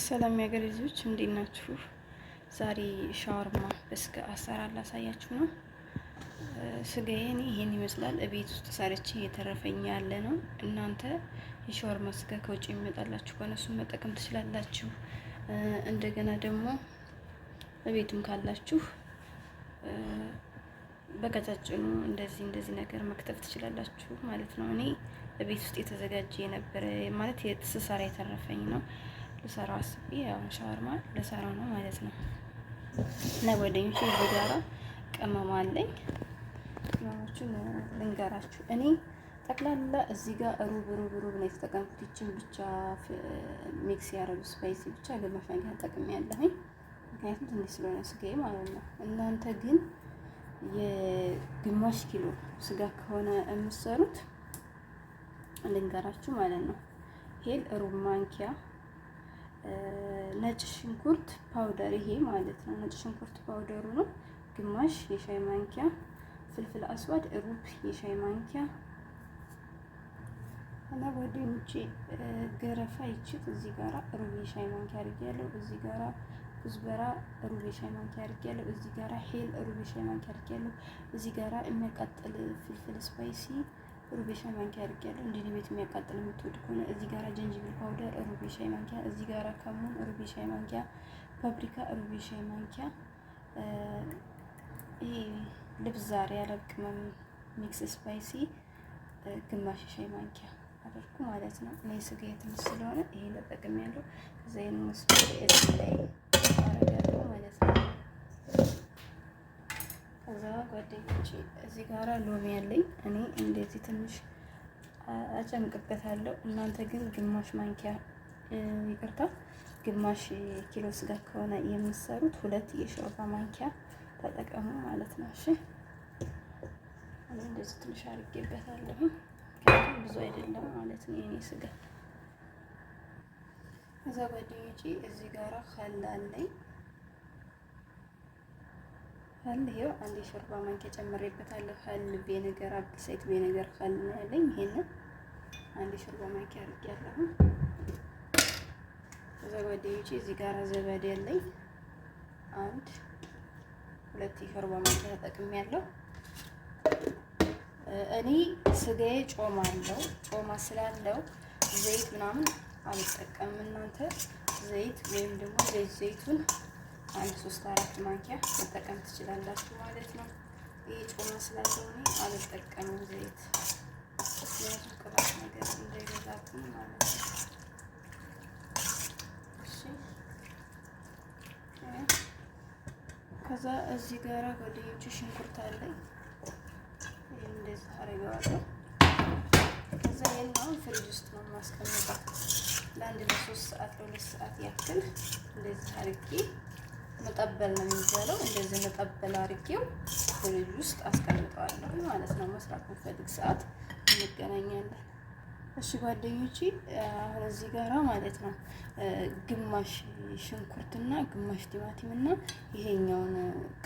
ሰላም የሀገር ልጆች እንዴት ናችሁ? ዛሬ ሻወርማ በስጋ አሰራር ላሳያችሁ ነው። ስጋዬን ይሄን ይመስላል። እቤት ውስጥ ሰርቼ የተረፈኝ ያለ ነው። እናንተ የሻወርማ ስጋ ከውጭ የሚመጣላችሁ ከነሱን መጠቀም ትችላላችሁ። እንደገና ደግሞ እቤትም ካላችሁ በቀጫጭኑ እንደዚህ እንደዚህ ነገር መክተፍ ትችላላችሁ ማለት ነው። እኔ እቤት ውስጥ የተዘጋጀ የነበረ ማለት ስሰራ የተረፈኝ ነው። ልሰራ አስቤ ያው ሻወርማ ልሰራ ነው ማለት ነው። እና ለጓደኞቼ እዚህ ጋራ ቅመማ አለኝ። ቅመሞቹን ልንገራችሁ እኔ ጠቅላላ እዚህ ጋር ሩብ ሩብ ሩብ ነው የተጠቀምኩት። ይችን ብቻ ሚክስ ያደረጉ ስፓይሲ ብቻ ግማሽ ማንኪያ ምክንያቱም ትንሽ ስለሆነ ስጋዬ ማለት ነው። እናንተ ግን የግማሽ ኪሎ ስጋ ከሆነ የምትሰሩት ልንገራችሁ ማለት ነው። ሄል ሩብ ማንኪያ ነጭ ሽንኩርት ፓውደር ይሄ ማለት ነው። ነጭ ሽንኩርት ፓውደሩ ነው። ግማሽ የሻይ ማንኪያ ፍልፍል አስዋድ ሩብ የሻይ ማንኪያ እና ጓደኞቼ ገረፋ ይችት እዚህ ጋራ ሩብ የሻይ ማንኪያ አድርጌያለሁ። እዚህ ጋራ ኩዝበራ ሩብ የሻይ ማንኪያ አድርጌያለሁ። እዚህ ጋራ ሄል ሩብ የሻይ ማንኪያ አድርጌያለሁ። እዚህ ጋራ የሚያቃጥል ፍልፍል ስፓይሲ ሩቤ ሻይ ማንኪያ አድርጌያለሁ። እንዲህ ቤት የሚያቃጥል የምትወድ ከሆነ እዚህ ጋር ጀንጅብል ፓውደር ሩቤ ሻይ ማንኪያ፣ እዚህ ጋር ከሙን ሩቤ ሻይ ማንኪያ፣ ፓፕሪካ ሩቤ ሻይ ማንኪያ፣ ይሄ ልብስ ዛሬ ያለ ቅመም ሚክስ ስፓይሲ ግማሽ ሻይ ማንኪያ አደርኩ ማለት ነው። እኔ ስጋ የትንሽ ስለሆነ ይሄን ተጠቅሜያለሁ። ዘይን ምስሉ ላይ ከዛ ጓደኞቼ እዚህ ጋራ ሎሚ ያለኝ እኔ እንደዚህ ትንሽ አጨምቅበታለሁ። እናንተ ግን ግማሽ ማንኪያ ይቅርታ፣ ግማሽ ኪሎ ስጋ ከሆነ የሚሰሩት ሁለት የሾርባ ማንኪያ ተጠቀሙ ማለት ነው። እሺ እኔ እንደዚህ ትንሽ አድርጌበታለሁ። ብዙ አይደለም ማለት ነው የኔ ስጋ። ከዛ ጓደኞቼ እዚህ ጋራ ከላለኝ አለኝ ኸል ይኸው አንድ የሾርባ ማንኪያ ጨምሬበታለሁ። ኸል ቤነገር አዲስ ዘይት ቤነገር ኸል ነው ያለኝ። ይሄንን አንድ የሾርባ ማንኪያ አድርጌያለሁ። ከዛ ጓደኞቼ እዚህ ጋር ዘበዴ ያለኝ አንድ ሁለት የሾርባ ማንኪያ ተጠቅሜያለሁ። እኔ ስጋዬ ጮማ አለው ጮማ ስላለው ዘይት ምናምን አልጠቀምም። እናንተ ዘይት ወይም ደግሞ ዘይት ዘይቱን አንድ ሶስት አራት ማንኪያ መጠቀም ትችላላችሁ ማለት ነው። ይሄ ጮማ ስላለሆነ አልጠቀምም ዘይት ያዙ ቅባት ነገር እንዳይበዛብኝ ማለት ነው። ከዛ እዚህ ጋራ ጓደኞቹ ሽንኩርት አለኝ እንደዚህ አረገዋለሁ። ከዛ ይህን ፍሪጅ ውስጥ ነው ማስቀምጠው ለአንድ ለሶስት ሰዓት ለሁለት ሰዓት ያክል እንደዚህ አርጌ መጠበል ነው የሚባለው። እንደዚህ መጠበል አድርጌው ፍሪጅ ውስጥ አስቀምጠዋለሁ ማለት ነው። መስራት በፈልግ ሰዓት እንገናኛለን። እሺ ጓደኞቼ፣ አሁን እዚህ ጋራ ማለት ነው ግማሽ ሽንኩርትና ግማሽ ቲማቲም ና ይሄኛውን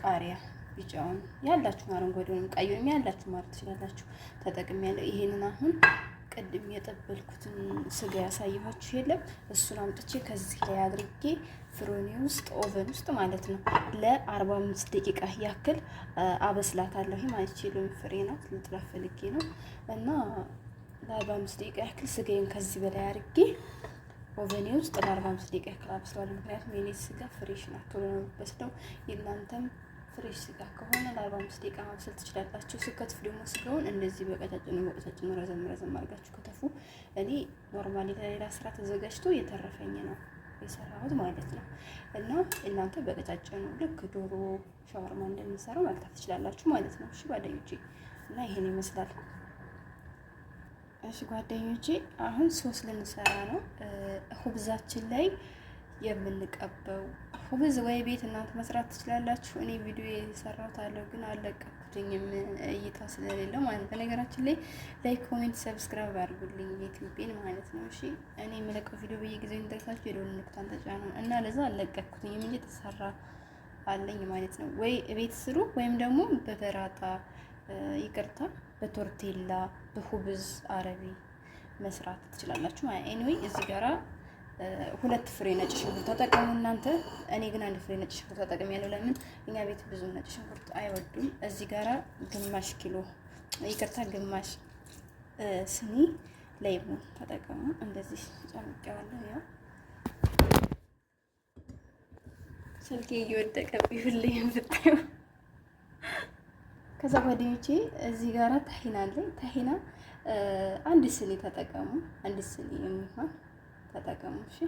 ቃሪያ ቢጫውን ያላችሁ አረንጓዴውንም ቀዩም ያላችሁ ማለት ትችላላችሁ ተጠቅሜያለሁ። ይሄንን አሁን ቅድም የጠበልኩትን ስጋ ያሳየኋችሁ የለም እሱን አምጥቼ ከዚህ ላይ አድርጌ ፍሮኒ ውስጥ ኦቨን ውስጥ ማለት ነው ለ45 ደቂቃ ያክል አበስላታለሁ ማለት የሎሚ ፍሬ ናት ልጥላ ፈልጌ ነው እና ለ45 ደቂቃ ያክል ስጋዬን ከዚህ በላይ አድርጌ ኦቨኔ ውስጥ ለ45 ደቂቃ ያክል አበስለዋለሁ ምክንያቱም የኔ ስጋ ፍሬሽ ናት ቶሎ ነው የሚበስለው የእናንተም ፍሬሽ ስጋ ከሆነ ለ45 ደቂቃ ማብሰል ትችላላችሁ። ስከትፍ ደግሞ ስጋውን እንደዚህ በቀጫጭኑ በቀጫጭኑ ረዘም ረዘም አድርጋችሁ ከተፉ። እኔ ኖርማሊ ለሌላ ስራ ተዘጋጅቶ የተረፈኝ ነው የሰራሁት ማለት ነው። እና እናንተ በቀጫጭኑ ልክ ዶሮ ሻወርማ እንደምንሰራው መክተፍ ትችላላችሁ ማለት ነው። እሺ ጓደኞቼ፣ እና ይሄን ይመስላል። እሺ ጓደኞቼ፣ አሁን ሶስ ልንሰራ ነው። ሁብዛችን ላይ የምንቀበው ሁብዝ ወይ ቤት እናንተ መስራት ትችላላችሁ። እኔ ቪዲዮ የሰራሁት አለው ግን አለቀኩትኝም እይታ ስለሌለው ማለት ነው። በነገራችን ላይ ላይክ፣ ኮሜንት፣ ሰብስክራይብ አድርጉልኝ ዩቲዩብን ማለት ነው። እሺ እኔ የምለቀው ቪዲዮ በየጊዜው እንደርሳችሁ የደወል ምልክቱን ተጫኑ እና ለዛ አለቀኩትኝም እንጂ ተሰራ አለኝ ማለት ነው። ወይ ቤት ስሩ ወይም ደግሞ በበራጣ ይቅርታ፣ በቶርቴላ በሁብዝ አረቢ መስራት ትችላላችሁ ማለት ነው። ኤኒዌይ እዚህ ጋራ ሁለት ፍሬ ነጭ ሽንኩርት ተጠቀሙ እናንተ። እኔ ግን አንድ ፍሬ ነጭ ሽንኩርት ተጠቅም ያለው ለምን እኛ ቤት ብዙ ነጭ ሽንኩርት አይወዱም። እዚህ ጋራ ግማሽ ኪሎ ይቅርታ፣ ግማሽ ስኒ ለይቡን ተጠቀሙ። እንደዚህ ጨምቄዋለሁ። ያው ስልኬ እየወደቀብኝ ሁሌ የምታዩ ከዛ ጓደኞቼ እዚህ ጋራ ታሂና አለኝ። ታሂና አንድ ስኒ ተጠቀሙ። አንድ ስኒ የሚሆን ተጠቀሙ። እሺ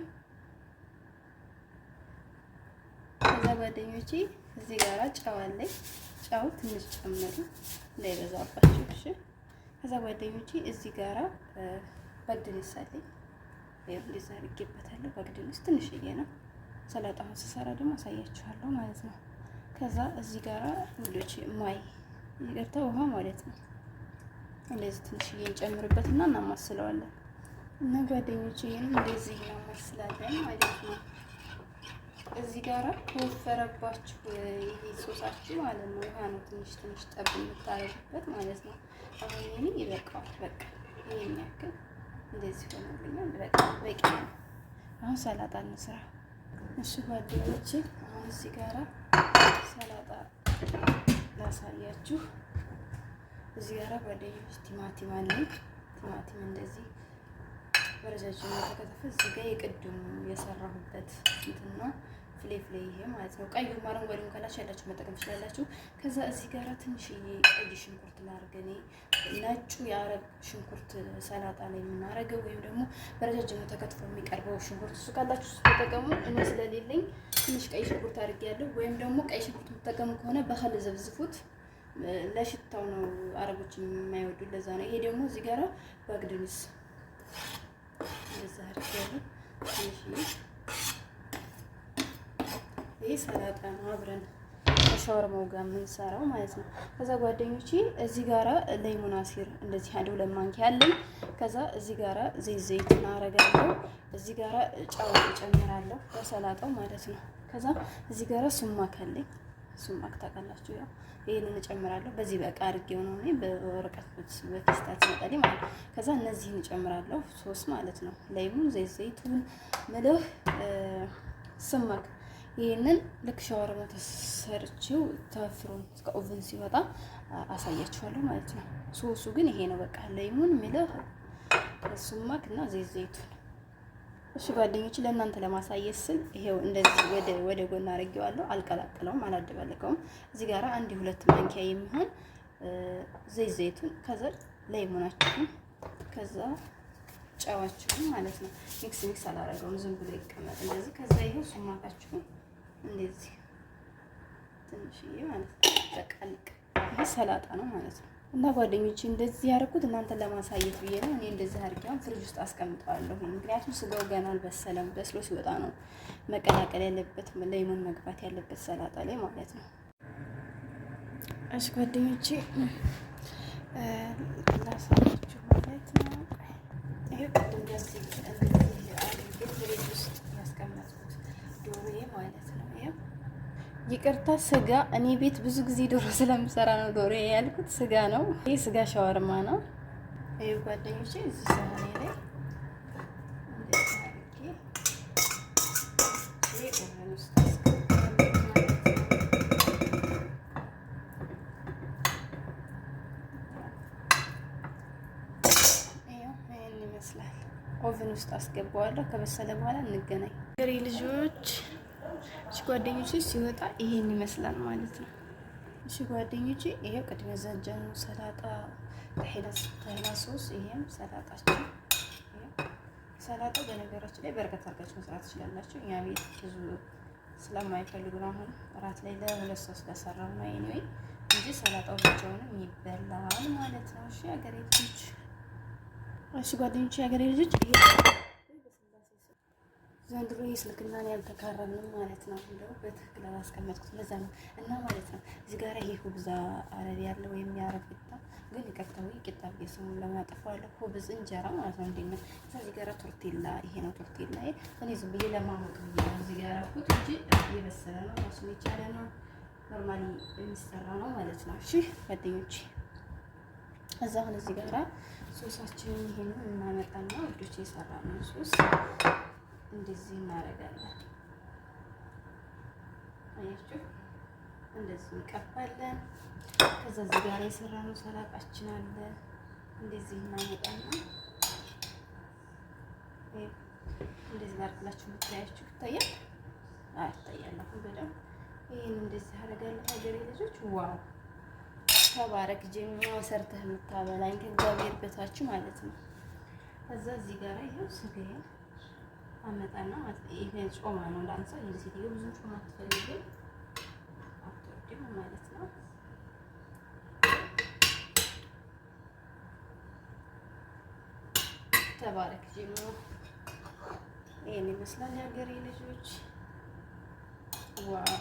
ከዛ ጓደኞቼ እዚህ ጋራ ጨው አለኝ። ጨው ትንሽ ጨምሩ እንዳይበዛባችሁ። እሺ ከዛ ጓደኞቼ እዚህ ጋራ በግድንስ አለኝ። ይሄ እንደዛ አድርጌበታለሁ። በግድንስ ትንሽዬ ነው። ሰላጣውን ስሰራ ደግሞ አሳያችኋለሁ ማለት ነው። ከዛ እዚህ ጋራ ውዶች ማይ ይቅርታ፣ ውሃ ማለት ነው። እንደዚህ ትንሽዬ እንጨምርበትና እናማስለዋለን። እና ጓደኞች ይህን እንደዚህ እናመስላለን ማለት ነው። እዚህ ጋራ ከወፈረባችሁ ይሄ ሶሳችሁ ማለት ነው ውሃ ነው ትንሽ ትንሽ ጠብ የምታረጉበት ማለት ነው። አሁን ይህን ይበቃዋል። በቃ ይህን ያክል እንደዚህ ሆኖልኛል። በቃ በቂ ነው። አሁን ሰላጣ እንስራ። እሺ ጓደኞቼ፣ አሁን እዚህ ጋራ ሰላጣ ላሳያችሁ። እዚህ ጋራ ጓደኞች ቲማቲም አለኝ። ቲማቲም እንደዚህ በረጃጅም የተከተፈ እዚህ ጋር የቅድሙ የሰራሁበት እንትን ነው። ፍሌ ፍሌ ይሄ ማለት ነው። ቀዩ አረንጓዴውን ካላችሁ ያላችሁ መጠቀም ትችላላችሁ። ከዛ እዚህ ጋር ትንሽዬ ቀይ ሽንኩርት ላድርግ እኔ ነጩ የአረብ ሽንኩርት ሰላጣ ላይ የምናደርገው ወይም ደግሞ በረጃጅሙ ተከትፎ የሚቀርበው ሽንኩርት እሱ ካላችሁ እሱ ተጠቀሙ። እኔ ስለሌለኝ ትንሽ ቀይ ሽንኩርት አድርጌያለሁ። ወይም ደግሞ ቀይ ሽንኩርት የምትጠቀሙ ከሆነ ባህል ዘብዝፉት። ለሽታው ነው አረቦች የማይወዱ ለዛ ነው። ይሄ ደግሞ እዚህ ጋር ባግድንስ ይህ ሰላጣ ነው አብረን ከሻወርማው ጋር የምንሰራው ማለት ነው። ከዛ ጓደኞቼ እዚህ ጋራ ለይሙን አሲር እንደዚህ አንድ ሁለት ማንኪያ አለኝ። ከዛ እዚህ ጋራ ዘይት ዘይት እናረጋለሁ። እዚህ ጋራ ጨው እጨምራለሁ በሰላጣው ማለት ነው። ከዛ እዚህ ጋራ ሱማክ አለኝ እሱም አክታቃላችሁ። ያው ይሄን እንጨምራለሁ። በዚህ በቃ አድርጌው ነው እኔ በወረቀት በፌስታል ሲመጣል ማለት ነው። ከዛ እነዚህን እንጨምራለሁ ሶስ ማለት ነው። ላይሙን፣ ዘይት ዘይቱን፣ ምልህ ስማክ ይህንን ልክ ሻወር ነው ተሰርቼው ተፍሮን ከኦቨን ሲወጣ አሳያችኋለሁ ማለት ነው። ሶሱ ግን ይሄ ነው። በቃ ለይሙን፣ ሚልህ፣ ሱማክ እና ዘይት ዘይቱን እሺ ጓደኞች ለእናንተ ለማሳየት ስል ይሄው እንደዚህ ወደ ወደ ጎን አድርጌዋለሁ። አልቀላቀለውም፣ አላደባለቀውም። እዚህ ጋራ አንድ ሁለት ማንኪያ የሚሆን ዘይት ዘይቱን፣ ከዛ ለይሞናችሁን፣ ከዛ ጨዋችሁን ማለት ነው። ሚክስ ሚክስ አላደረገውም፣ ዝም ብሎ ይቀመጥ እንደዚህ። ከዛ ይሄው ሱማታችሁን እንደዚህ ትንሽዬ ማለት ነው። በቃ ልቅ ይሄ ሰላጣ ነው ማለት ነው። እና ጓደኞቼ እንደዚህ ያደረኩት እናንተ ለማሳየት ብዬ ነው። እኔ እንደዚህ አድርጌ ፍሪጅ ውስጥ አስቀምጠዋለሁ። ምክንያቱም ስጋው ገና አልበሰለም። በስሎ ሲወጣ ነው መቀላቀል ያለበት፣ ለይሙን መግባት ያለበት ሰላጣ ላይ ማለት ነው። እሺ ጓደኞቼ ላሳያችሁ ማለት ነው። ይሄ ቅድም ደስ ይችላል ይቅርታ ስጋ እኔ ቤት ብዙ ጊዜ ዶሮ ስለምሰራ ነው ዶሮ ያልኩት፣ ስጋ ነው። ይህ ስጋ ሸዋርማ ነው። ይህ ጓደኞቼ እዚህ ሰሆኔ ላይ ኦቨን ውስጥ አስገባዋለሁ። ከበሰለ በኋላ እንገናኝ። ገሪ ልጆች ጓደኞቼ ሲወጣ ይሄን ይመስላል ማለት ነው። እሺ ጓደኞቼ፣ ይሄው ቅድም ዘጀኑ ሰላጣ ተሄላ ሶስ፣ ይሄም ሰላጣችን። ሰላጣ በነገራችን ላይ በረከት አድርጋችሁ መስራት ትችላላችሁ። እኛ ቤት ብዙ ስለማይፈልጉ ነው። አሁን እራት ላይ ለሁለት ሰው ስለሰራው ነው ኤኒዌይ እንጂ ሰላጣው ብቻውንም ይበላል ማለት ነው። እሺ ሀገሬ ልጆች፣ እሺ ጓደኞቼ፣ ሀገሬ ልጆች ዘንድሮ የስልክና ነው ያልተካረንም ማለት ነው። እንደው በትክክል አላስቀመጥኩት ለዛ ነው እና ማለት ነው። እዚህ ጋር ይሄ ሁብዛ አረብ ያለው ወይም የአረብ ቂጣ ግን ይቀጥታዊ ቂጣ ስሙን ለማጠፋለሁ ሁብዝ እንጀራ ማለት ነው። እንዴት ነው እዚህ ጋር ቶርቴላ፣ ይሄ ነው ቶርቴላ። ይ እኔ ዝም ብዬ ለማወቅ ነው እዚህ ጋር ያደረኩት እንጂ እየበሰለ ነው ራሱን የቻለ ነው ኖርማሊ የሚሰራ ነው ማለት ነው። እሺ ጓደኞች እዛ አሁን እዚህ ጋራ ሶሳችንን ይሄንን እናመጣና ወዶች የሰራ ነው ሶስ እንደዚህ እናደርጋለን። አያችሁ፣ እንደዚህ እንቀባለን። ከዛ እዚህ ጋር የሰራነው ሰላጣችን አለ። እንደዚህ እናመጣና እንደዚህ ላድርግላችሁ። ብታያችሁ ይታያል አይታያል? አሁን በደምብ ይህን እንደዚህ አደርጋለሁ። ሀገሬ ልጆች ዋው ተባረክ ጀሚማ ሰርተህ የምታበላኝ ከእግዚአብሔር በታች ማለት ነው። ከዛ እዚህ ጋር ይኸው ስጋዬ አመጣና ማለት ነው። ይሄ ጾማ ነው ዳንሳ ይሄ ሴትዮ ብዙ ጾማ አትፈልግም አትወድም ማለት ነው። ተባረክ ጀምሮ ይሄን ይመስላል የሀገሬ ልጆች ዋው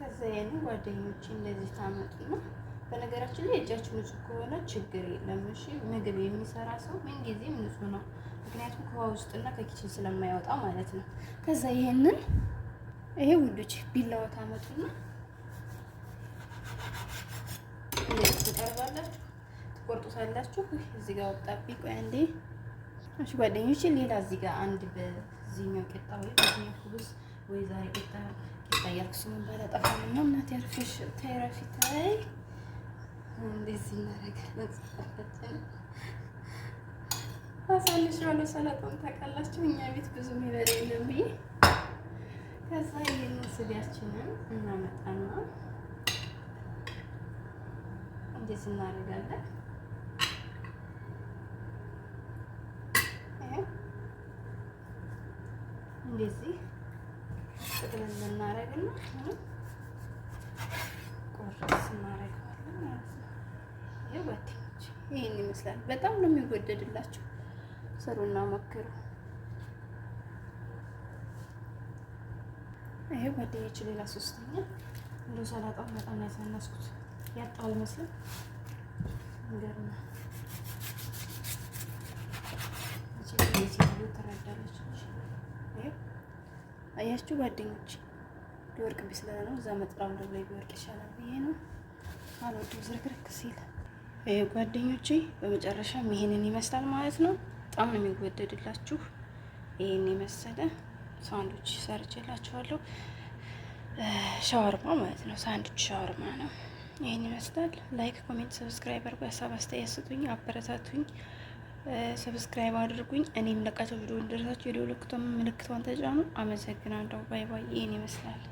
ከዛ ይሄን ጓደኞች እንደዚህ ታመጡ ነው። በነገራችን ላይ እጃችሁ ንጹህ ከሆነ ችግር የለም። እሺ ምግብ የሚሰራ ሰው ምንጊዜም ንጹህ ነው። ምክንያቱም ከውሃ ውስጥና ከኪችን ስለማይወጣ ማለት ነው። ከዛ ይሄንን ይሄ ውዶች ቢላዋ ታመጡና ትቀርባላችሁ፣ ትቆርጡታላችሁ። እዚህ ጋር ወጣብኝ። ቆይ አንዴ። እሺ ጓደኞቼ፣ ሌላ እዚህ ጋር አንድ በዚህኛው ቂጣ ወይ በዚህኛው ኩብስ ወይ ዛሬ ቂጣ ቂጣ እያልኩ ስሙን ባላጠፋ ነው። እናቴ አርፈሽ ተረፊ እንደዚህ እናደርጋለን። ሰላጣችን አሳልሼዋለሁ። ሰላጣውን ታውቃላችሁ እኛ ቤት ብዙ የሚበላ የለም ብዬ ከዛ ይህን ስቢያችንን እናመጣና እንደዚህ እናደርጋለን። እንደዚህ ጥቅልል እናደርግና ቆርስ እናደርገዋለን ማለት ነው። ጓደኞች ይህን ይመስላል። በጣም ነው የሚወደድላቸው። ስሩና መክሩ ይሄ ጓደኞች ሌላ ሶስተኛ እንደ ሰላጣው በጣም ያሳነስኩት ያጣው አልመስልም። እንገርና አያችሁ ጓደኞች ሊወርቅብኝ ስለሆነ ነው እዛ መጥራው እንደላይ ቢወርቅ ይሻላል ብዬ ነው። አልወደው ዝርክርክ ሲል ጓደኞቼ በመጨረሻም ይሄንን ይመስላል ማለት ነው። በጣም ነው የሚወደድላችሁ። ይሄን የመሰለ ሳንዱች ሰርቼላችኋለሁ። ሻወርማ ማለት ነው። ሳንዱች ሻወርማ ነው። ይህን ይመስላል። ላይክ፣ ኮሜንት፣ ሰብስክራይብ አድርጉ። ሀሳብ አስተያየት ስጡኝ፣ አበረታቱኝ፣ ሰብስክራይብ አድርጉኝ። እኔም ለቃቸው ቪዲዮ እንደደረሳችሁ የደወል ምልክቷን ተጫኑ። አመሰግናለሁ። ባይ ባይ። ይህን ይመስላል።